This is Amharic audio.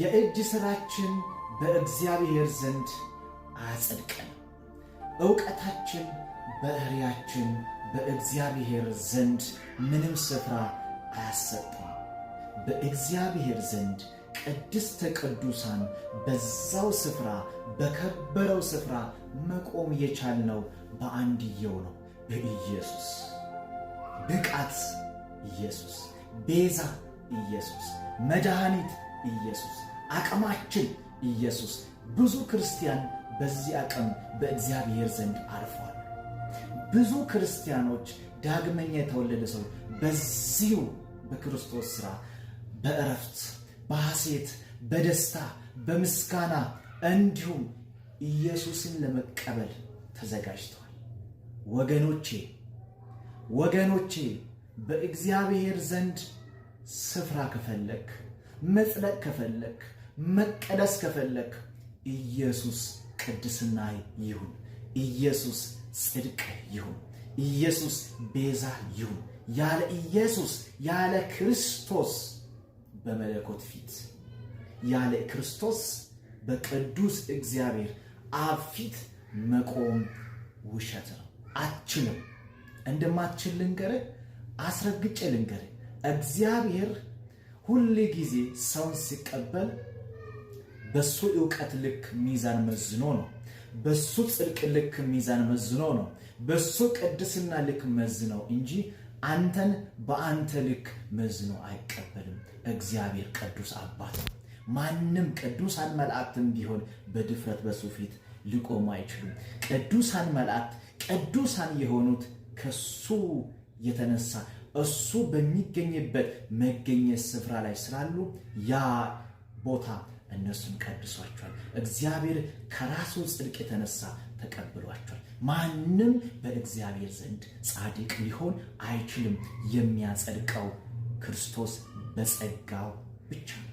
የእጅ ሥራችን በእግዚአብሔር ዘንድ አያጸድቀን፣ እውቀታችን በእህሪያችን በእግዚአብሔር ዘንድ ምንም ስፍራ አያሰጥም። በእግዚአብሔር ዘንድ ቅድስተ ቅዱሳን በዛው ስፍራ በከበረው ስፍራ መቆም የቻልነው በአንድየው ነው፣ በኢየሱስ ብቃት ኢየሱስ፣ ቤዛ ኢየሱስ፣ መድኃኒት ኢየሱስ፣ አቅማችን ኢየሱስ። ብዙ ክርስቲያን በዚህ አቅም በእግዚአብሔር ዘንድ አርፏል። ብዙ ክርስቲያኖች ዳግመኛ የተወለደ ሰው በዚሁ በክርስቶስ ሥራ በእረፍት በሐሴት በደስታ በምስጋና እንዲሁም ኢየሱስን ለመቀበል ተዘጋጅተዋል። ወገኖቼ ወገኖቼ በእግዚአብሔር ዘንድ ስፍራ ከፈለግ መጽደቅ ከፈለክ፣ መቀደስ ከፈለክ ኢየሱስ ቅድስና ይሁን፣ ኢየሱስ ጽድቅ ይሁን፣ ኢየሱስ ቤዛ ይሁን። ያለ ኢየሱስ ያለ ክርስቶስ በመለኮት ፊት ያለ ክርስቶስ በቅዱስ እግዚአብሔር አብ ፊት መቆም ውሸት ነው። አችልም። እንደማችል ልንገርህ፣ አስረግጬ ልንገርህ እግዚአብሔር ሁል ጊዜ ሰውን ሲቀበል በሱ እውቀት ልክ ሚዛን መዝኖ ነው። በሱ ጽድቅ ልክ ሚዛን መዝኖ ነው። በሱ ቅድስና ልክ መዝነው እንጂ አንተን በአንተ ልክ መዝኖ አይቀበልም። እግዚአብሔር ቅዱስ አባት ነው። ማንም ቅዱሳን መላእክትም ቢሆን በድፍረት በሱ ፊት ሊቆሙ አይችሉም። ቅዱሳን መላእክት ቅዱሳን የሆኑት ከሱ የተነሳ እሱ በሚገኝበት መገኘት ስፍራ ላይ ስላሉ ያ ቦታ እነሱን ቀድሷቸዋል። እግዚአብሔር ከራሱ ጽድቅ የተነሳ ተቀብሏቸዋል። ማንም በእግዚአብሔር ዘንድ ጻድቅ ሊሆን አይችልም። የሚያጸድቀው ክርስቶስ በጸጋው ብቻ ነው።